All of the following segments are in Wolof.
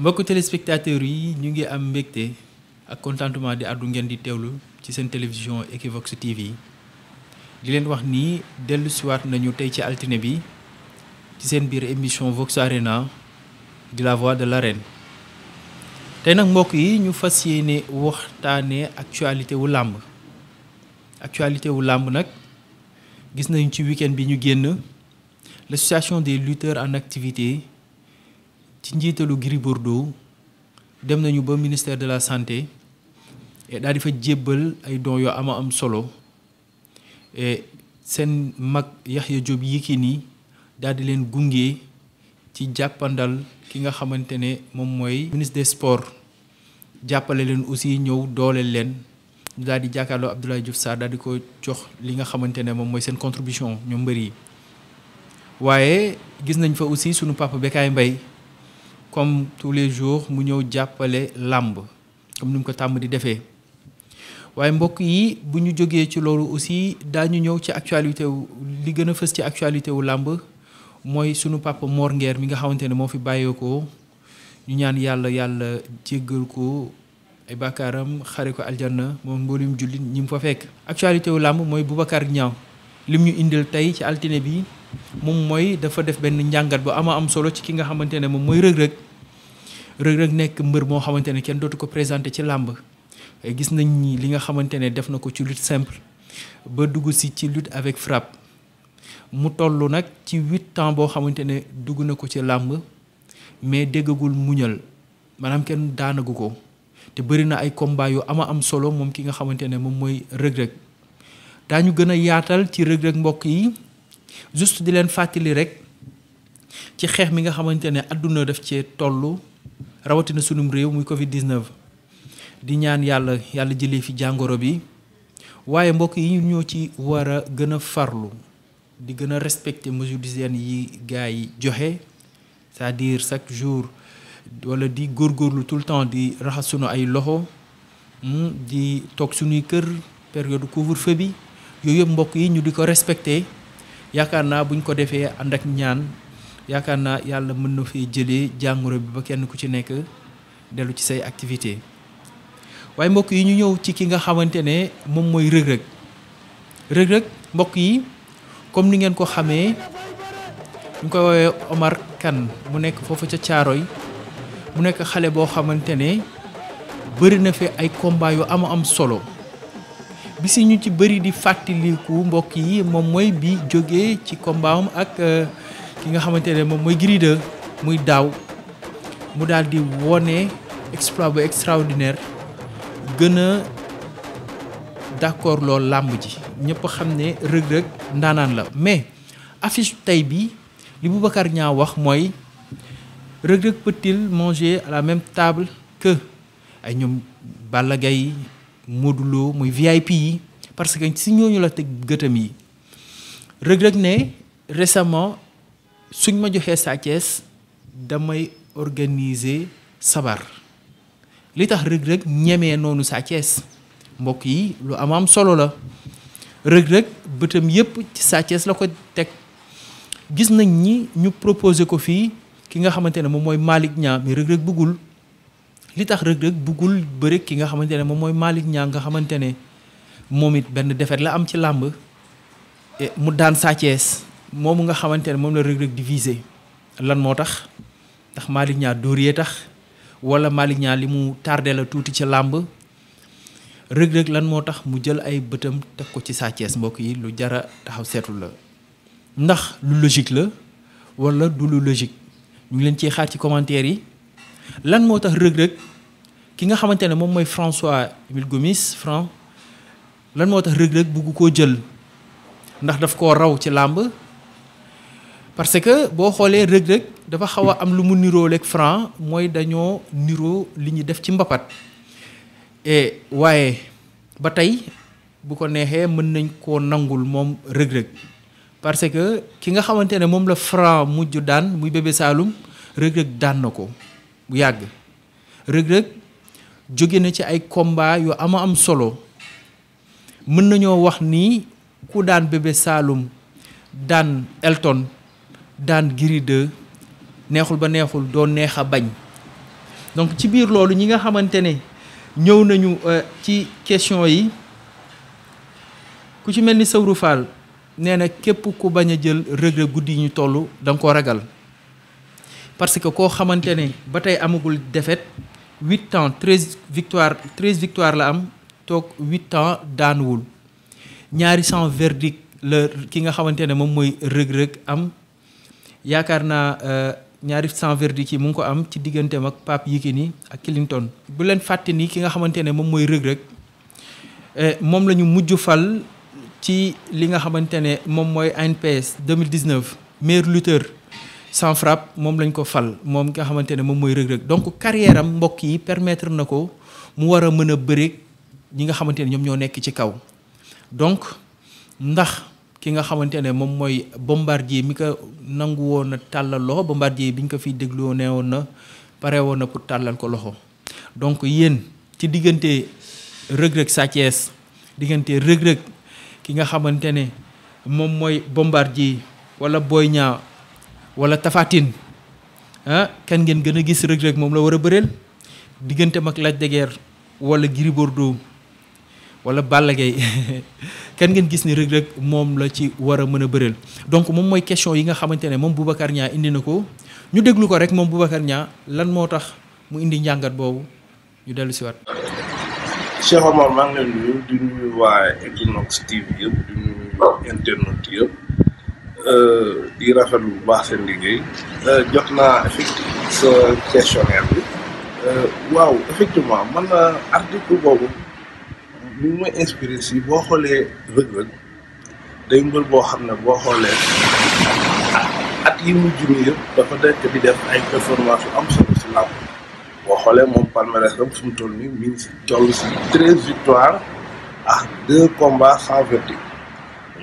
mbokku téléspectateurs yi ñu ngi am mbégte ak contentement di àddu ngeen di teewlu ci seen télévision Equivox TV di leen wax ni dellu siwaat nañu tey ci altine bi ci seen biir émission Vox Arena di la voix de l'arène tey nag mbokk yi ñu fas yéene waxtaane actualité wu làmb actualité wu làmb nag gis nañu ci week bi ñu génn l'association des lutteurs en activité ci njiitalu Gris Bordeaux dem nañu ba ministère de la santé daal di fa jébbal ay dons yoo ama am solo seen mag Yaxya Jóob Yékini daal di leen gunge ci jàppandal ki nga xamante ne moom mooy ministre des sports jàppale leen aussi ñëw dooleel leen daal di jàkkaarloo Abdoulaye Diouf Sarr daal di ko jox li nga xamante ne moom mooy seen contribution ñoo mbër yi waaye gis nañ fa aussi sunu papa Bécaye Mbaye comme tous les jours mu ñëw jàppale làmb comme ni mu ko tàmm di defee waaye mbokk yi bu ñu jógee ci loolu aussi daañu ñëw ci actualité wu li gën a fës ci actualité wu làmb mooy sunu papa Mor Nguer mi nga xamante ne moo fi bàyyeekoo ñu ñaan yàlla yàlla jéggal ko ay bàkkaaram xare ko aljanna moom mboolum jullit ñi mu fa fekk. actualité wu làmb mooy Boubacar Niang lim ñu indil tey ci altine bi. moom mooy dafa def benn njàngat bu ama am solo ci ki nga xamante ne moom mooy rëg-rëg rëg nekk mbër moo xamante ne kenn dootu ko présenté ci làmb gis nañ ni li nga xamante ne def na ko ci lutte simple ba dugg si ci lutte avec frappe mu toll nag ci huit ans boo xamante ne dugg na ko ci làmb mais déggagul muñal maanaam kenn daanagu ko te bëri na ay combat yu ama am solo moom ki nga xamante ne moom mooy rëg-rëg ñu gën a yaatal ci rëg-rëg mbokk yi juste di leen fàttali rek ci xeex mi nga xamante ne àdduna def cee toll rawatina sunum réew muy Covid 19 di ñaan yàlla yàlla jële fi jàngoro bi waaye mbokk yi ñoo ci war a gën a farlu di gën a respecter mesures d'hygiène yi gars yi joxe cest à chaque jour wala di góor góorlu tout le temps di raxas sunu ay loxo hmm, di toog sunuy kër période couvre-feu bi yooyu mbokk yi ñu di ko respecter. yaakaar naa buñ ko defee ànd ak ñaan yaakaar naa yàlla mën na fee jëlee jàngoro bi ba kenn ku ci nekk dellu ci say activité waaye mbokk yi ñu ñëw ci ki nga xamante ne moom mooy rëg-rëg rëg mbokk yi comme ni ngeen ko xamee ñu koy woowee Omar Kane mu nekk foofu ca Caaroy mu nekk xale boo xamante ne bëri na fi ay combat yu am am solo bi si ñu ci bëri di fàttaliku mbokk yi moom mooy bi jógee ci combat am ak euh, ki nga xamante ne moom mooy Gris muy daaw mu daal di wone exploit bu extraordinaire gën a d'accord lool làmb ji ñëpp xam ne rëg-rëg ndaanaan la mais affiche tey bi li Boubacar Niang wax mooy rëg-rëg peut manger à la même table que ay ñoom Balla Gaye Modou Lo muy VIP yi parce que si ñooñu la teg gëtam yi Reug Reug ne récemment suñ ma joxee sàccees damay organiser sabar li tax Reug Reug ñemee noonu sàccees mbokk yi lu am am solo la Reug Reug bëtam yépp sàccees la ko teg gis nañ ni ñu proposé ko fii ki nga xamante ne moom mooy Malick Niang mais Reug Reug bëggul li tax rëg-rëg buggul bëri ki nga xamante ne moom mooy Malick Niang nga xamante ne moom it benn defet la am ci làmb mu daan sàccees Thiès nga xamante ne moom la rëg-rëg di visé lan moo tax ndax Malick dóor yee tax wala Malick Niang li mu tardé la tuuti ci làmb rëg-rëg lan moo tax mu jël ay bëtam teg ko ci Sa mbokk yi lu jara taxaw seetu la ndax lu logique la wala du lu logique ñu leen ci xaar ci commentaire yi lan moo tax rëg-rëg ki nga xamante ne moom mooy François Émile Gomis Fran lan moo tax Reug Reug bugg koo jël ndax daf koo raw ci làmb parce que boo xoolee Reug Reug dafa xaw a am lu mu nirooleeg Franc mooy dañoo niroo li ñu def ci mbapat waaye ba tey bu ko neexee mën nañ koo nangul moom Reug parce que ki nga xamante ne moom la Franc mujj daan muy bébé Saloum Reug Reug na ko bu yàgg Reug Reug jóge na ci ay combat yu ama am solo mën nañoo wax ni ku daan bébé Saloum daan Elton daan Gris neexul ba neexul doo neex a bañ donc ci biir loolu ñi nga xamante ne ñëw nañu euh, ci question yi ku ci mel ni Sawru Fall nee na képp ku bañ a jël regret guddi yi ñu toll da ko ragal parce que koo xamante ne ba tey amagul défaite huit ans treize victoire treize victoire la am toog huit ans daanuwul ñaari sans verdict la ki nga xamante ne moom mooy rëg-rëg am yaakaar naa euh, ñaari sans verdict yi mu ngi ko am ci digganteem ak Pape Yékini ak Clinton. bu leen fàtte ni ki nga xamante ne moom mooy rëg-rëg euh, moom la ñu mujj fal ci li nga xamante ne moom mooy ANPS 2019 meilleur lutteur. sans frappe moom lañ ko fal moom nga xamante ne moom mooy rëg-rëg donc carrière mbokk yi permettre na ko mu war a mën a bëre ñi nga xamante ne ñoom ñoo nekk ci kaw donc ndax ki nga xamante ne moom mooy bombardier mi ko nangu woon a tàllal loxo bombardier bi ñu ko fiy dégloo ne woon na pare woon na pour tàllal ko loxo donc yéen ci diggante rëg-rëg diggante rëg ki nga xamante ne moom mooy bombardier wala wala Tafatine ah kan ngeen gën a gis Reug Reug moom la war a bëreel digganteem ak Lac de Guiers wala Gris Bordeaux wala Balla Gaye ngeen gis ni Reug Reug moom la ci war a mën a bëreel donc moom mooy question yi nga xamante ne moom Boubacar ñaa indi na ko ñu déglu ko rek moom Boubacar ñaa lan moo tax mu indi njàngat boobu ñu dellu si waat. Euh, di rafetlu bu baax seen liggéey euh, jot naa effectivement sa questionnaire bi euh, waaw effectivement man a article boobu li may inspiré si boo xoolee rëg-rëg day mbër boo xam ne boo xoolee at yi mu nii yëpp dafa nekk di def ay performance yu am solo si làmb boo xoolee moom palmarès rek fu toll mi ngi si toll si treize victoires ak deux combats sans verdict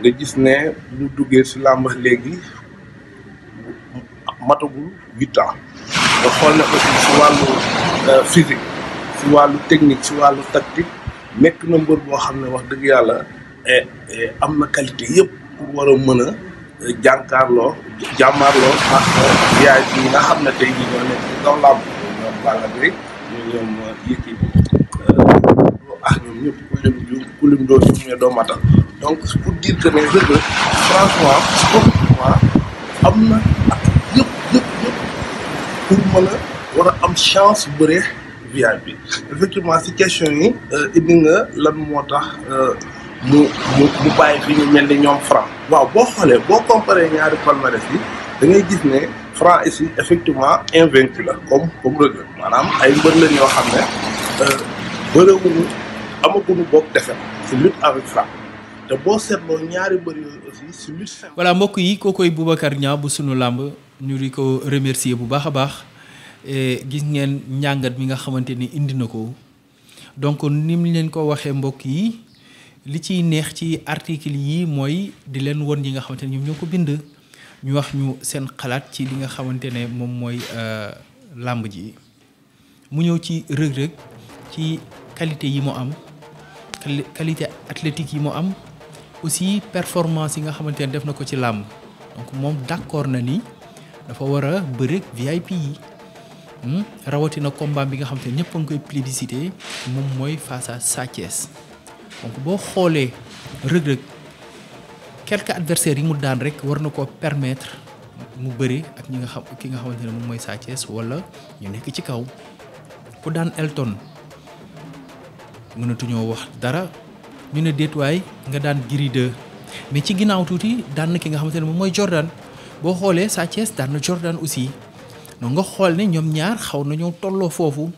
nga gis ne bu duggee si làmb léegi matagul huit ans nga xool ne aussi si wàllu euh, physique si wàllu technique si wàllu tactique nekk na mbër boo xam ne wax dëgg yàlla eh, eh, am na qualité yëpp pour war a mën a eh, jànkaarloo jàmmaarloo ak yaay nga xam ne tey jii ñoo nekk ci kaw làmb ñoom Balla Gaye ñoo ñoom yëkki bi ah ne doo matal donc pour dire que ne Reug franchement am na ak yëpp yëpp pour mën a am chance bëree via bi effectivement si question yi euh, indi nga lan moo tax euh, mu mu mu bàyyi fi ñu mel ni ñoom franc waaw boo xoolee boo comparé ñaari palmarès yi da gis ne franc ici effectivement invaincu la comme comme Reug maanaam ay mbër lañ yoo xam ne euh, bëriwuñu amaguñu boog defet si lutte avec franc te boo seetloo ñaari mbër yooyu aussi si lutte simple. voilà mbokk yi kookoy Boubacar Niang bu suñu làmb ñu di ko remercier bu baax a baax gis ngeen njàngat bi nga xamante ni indi na ko donc ni mu leen ko waxee mbokk yi li ciy neex ci article yi mooy di leen won yi nga xamante ne ñoom ñoo ko bind ñu wax ñu seen xalaat ci li nga xamante ne moom mooy euh, làmb ji mu ñëw ci rëg-rëg ci qualité yi mu am qualité athlétique yi mu am. aussi performance yi nga xamante ne def na ko ci làmb donc moom d'accord na ni dafa war a bëreeg VIP yi hmm? rawatina combat bi nga xam ne ñëpp a ngi koy plébiscité moom mooy fas à Sa Thiès donc boo xoolee Reug Reug quelques adversaires yi mu daan rek war na koo permettre mu bëri ak ñi nga xam ki nga xamante ne moom mooy Sa Thiès wala ñu nekk ci kaw ku daan Elton mënatuñoo wax dara. ñu ne déetuwaay nga daan Gris 2 mais ci ginnaaw tuuti daan ki nga xamante ne moom mooy jordaan boo xoolee Sa Thiès daan aussi donc nga xool ne ñoom ñaar xaw nañoo tolloo foofu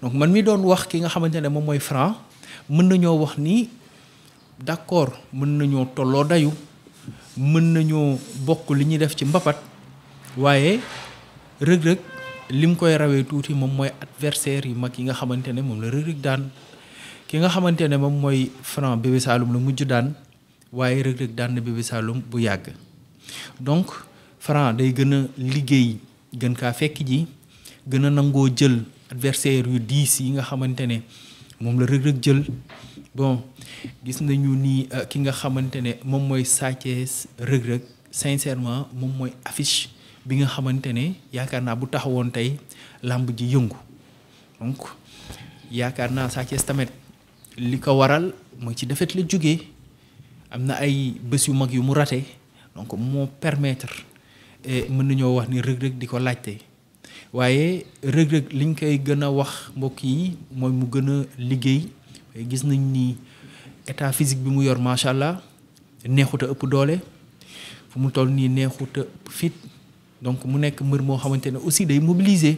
donc man mi doon wax ki nga xamante ne moom mooy Franc mën nañoo wax ni d'accord mën nañoo tolloo dayu mën nañoo bokk li ñuy def ci mbapat waaye rëg-rëg lim koy rawee tuuti moom mooy adversaire yu mag yi nga xamante ne moom la rëg-rëg daan ki nga xamante ne moom mooy Franc Bébé Saloum la mujj daan waaye Reug Reug daan na Bébé Saloum bu yàgg donc Franc day gën a liggéey gën kaa fekk ji gën a nangoo jël adversaire yu diis yi nga xamante ne moom la Reug jël bon gis nañu ni euh, ki nga xamante ne moom mooy Sa Thiès Reug Reug moom mooy affiche bi nga xamante ne yaakaar naa bu woon tey làmb ji yëngu donc yaakaar naa Sa Thiès li ko waral mooy ci défaite la jógee am na ay bés yu mag yu mu rate donc moo permettre eh, mën nañoo wax ni Reug Reug di ko laajte waaye Reug Reug liñ koy gën a wax mbokk yi mooy mu gën a liggéey gis nañ ni état physique bi mu yor macha allah neexut ëpp doole fu mu toll nii neexut ëpp fit donc mu nekk mbër moo xamante ne aussi day mobiliser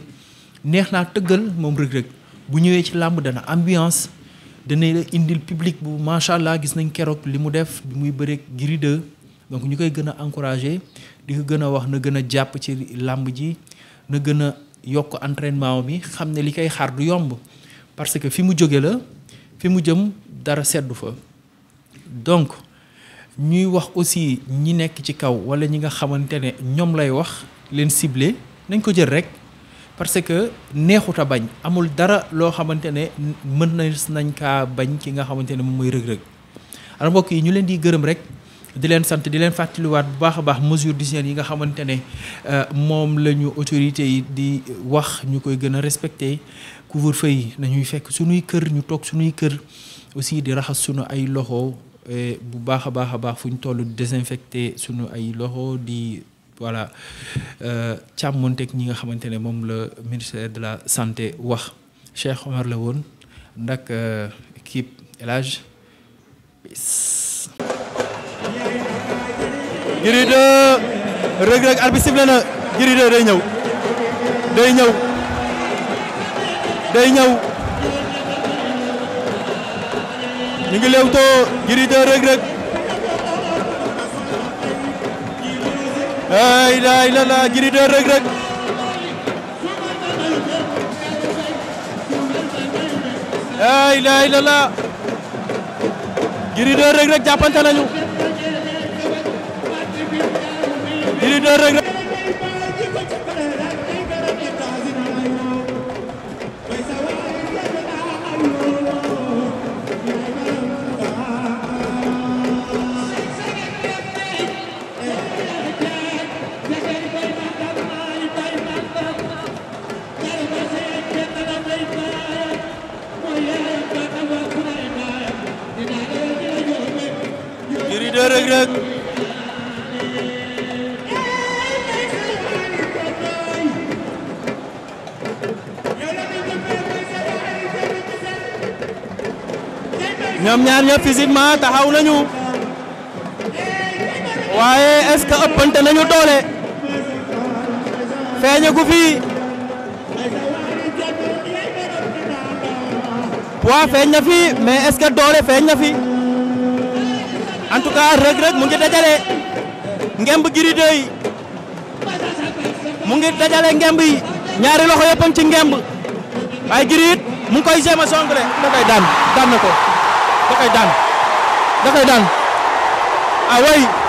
neex naa tëggal moom Reug Reug bu ñëwee ci làmb dana ambiance. dinañ indil public bu macha allah gis nañ keroog li mu def bi muy bëreeg Gris 2 donc ñu koy gën a encouragé di ko gën a wax na gën a jàpp ci làmb ji na gën a yokk entrainement bi xam ne li kay xaar du yomb parce que fi mu jóge la fi mu jëm dara seddu fa donc ñuy wax aussi ñi nekk ci kaw wala ñi nga xamante ne ñoom lay wax leen ciblé nañ ko jël rek parce que neexut a bañ amul dara loo xamante ne mën na nañ kaa bañ ki nga xamante ne moom mooy rëg-rëg alors mbokk yi ñu leen di gërëm rek di leen sant di leen fàttaliwaat bu baax a baax mesure d'hygiène yi nga xamante ne euh, moom la ñu autorités yi di wax ñu koy gën a respecté couvre-feu yi nañuy fekk suñuy kër ñu toog suñuy kër aussi di raxas suñu ay loxo bu baax a baax a baax fu ñu toll di désinfecté suñu ay loxo di voilà euh, càmmonteeg ñi nga xamante ne moom la ministère de la santé wax Cheikh Omar la woon ndax euh, équipe El Hadj Gris 2 Reug Reug arbitre na Gris day ñëw day ñëw ñu ngi leewtoo Gris 2 Reug la ilaha illallah Gris 2 Reug Reug la ilaha illallah Gris 2 Reug Reug jàppante nañu Gris 2 Reug Reug rëg-rëg ñoom ñaar ñëpp physiquement taxaw nañu waaye est-ce que ëppante nañu doole feeñagu fii poids feeñ na fi mais est doole feeñ na fi en tout cas Reug Reug mu ngi dajale ngemb Gris mu ngi dajale ngemb yi ñaari loxo ci ngemb waaye Gris it mu ngi koy jéem a daan daan na ko da daan da daan ah